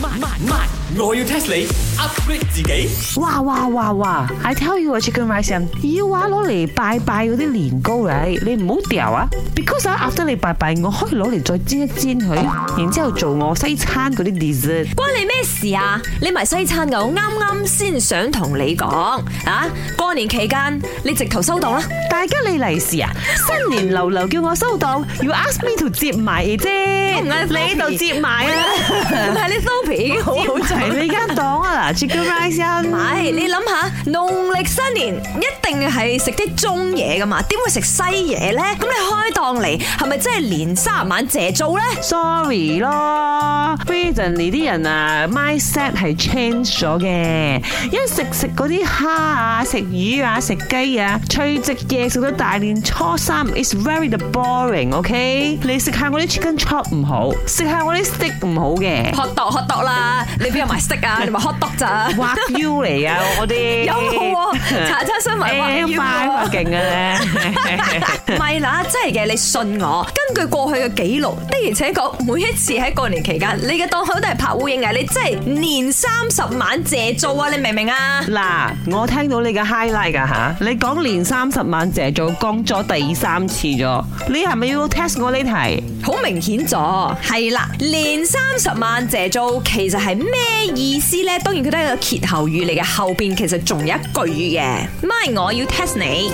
慢慢慢，我要 test 你 upgrade 自己。哇哇哇哇，I tell you a chicken rice。要話攞嚟拜拜嗰啲年糕嚟，你唔好掉啊！Because 我 upgrade 你拜拜，我可以攞嚟再煎一煎佢，然之後做我西餐嗰啲 dessert。關你咩事啊？你埋西餐嘅，我啱啱先想同你講啊！過年期間你直頭收檔啦，大家你利是啊！新年流流叫我收檔，You ask me to 接埋啫，唔係你度接埋啊？我睇你收。已經好好睇你間檔啊！嗱，Chicken Rice 啊，唔係你諗下，農曆新年一定係食啲中嘢噶嘛？點會食西嘢咧？咁你開檔嚟係咪真係年三十晚謝租咧？Sorry 咯，recently 啲人啊 mindset 係 change 咗嘅，一食食嗰啲蝦啊、食魚啊、食雞啊，隨節嘢食到大年初三，is very boring，OK？你食下我啲 chicken chop 唔好，食下我啲 stick 唔好嘅，學道學道。啦，你邊有埋色 啊？你咪 hot dog 咋？畫 u 嚟啊！我啲有我查查新聞畫得快，勁嘅咧。唔係嗱，真係嘅，你信我。根據過去嘅記錄，的而且確，每一次喺過年期間，你嘅檔口都係拍烏蠅啊！你真係年三十晚借租啊！你明唔明啊？嗱，我聽到你嘅 highlight 噶吓，你講年三十晚借租，講咗第三次咗，你係咪要 test 我呢題？好明顯咗，係啦，年三十晚借租。其實係咩意思呢？當然佢都係個歇後語嚟嘅，後邊其實仲有一句語嘅，咪我要 test 你。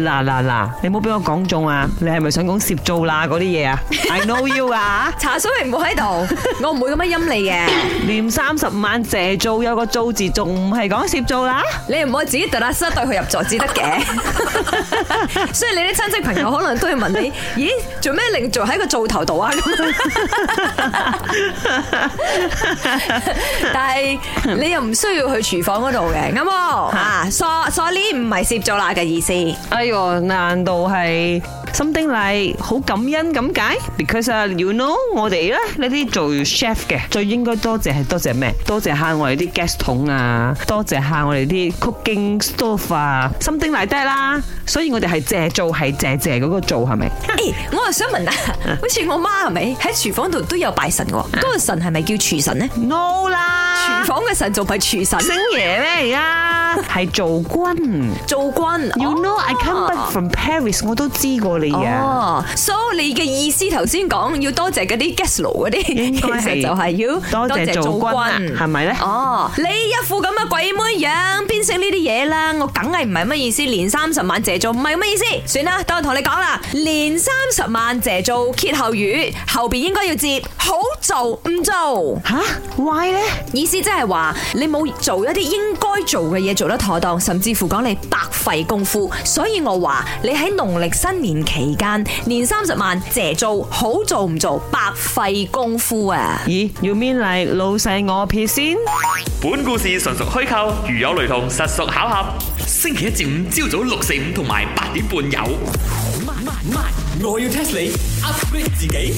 嗱嗱嗱，你唔好俾我講中啊！你係咪想講攝灶罅嗰啲嘢啊？I know you 啊！茶水係唔好喺度，我唔會咁樣陰你嘅。連三十萬攝灶有個灶字，仲唔係講攝灶罅？你唔可以自己特登失對佢入座，至得嘅。所以你啲親戚朋友可能都係問你：咦，做咩另做喺個灶頭度啊？但係你又唔需要去廚房嗰度嘅，啱唔啱啊？sorry，唔係攝灶罅嘅意思。呢個難度係 something 嚟好感恩咁解。Because you know，我哋咧呢啲做 chef 嘅，最應該多謝係多謝咩？多謝下我哋啲 gas 桶啊，多謝下我哋啲 cooking stove 啊 something 嚟得啦。所以我哋係借做係謝謝嗰個做係咪？誒， hey, 我又想問啊，好似我媽係咪喺廚房度都有拜神嘅？啊？嗰、啊、個神係咪叫廚神咧？No 啦，廚房嘅神就唔係廚神，星爺咩？而家。係 做軍，做軍君。You know、哦、I come back from Paris，、哦、我都知過你呀、啊。哦，所、so, 以你嘅意思頭先講要多謝嗰啲 g e s 佬嗰啲，其實 就係要多謝，多謝做軍啊，係咪咧？哦，你一副咁嘅鬼妹樣，邊識呢啲嘢啦？我梗係唔係乜意思，年三十晚謝灶唔係乜意思。算啦，等我同你講啦，年三十晚謝灶，歇後語後邊應該要接好做唔做吓？Why 咧？意思即係話你冇做一啲應該做嘅嘢做。做得妥當，甚至乎講你白費功夫，所以我話你喺農曆新年期間，年三十晚借做好做唔做，白費功夫啊！咦、欸，要面嚟老細我撇先？本故事純屬虛構，如有雷同，實屬巧合。星期一至五朝早六四五同埋八點半有。Oh、my, my, my. 我要 test 你，upgrade 自己。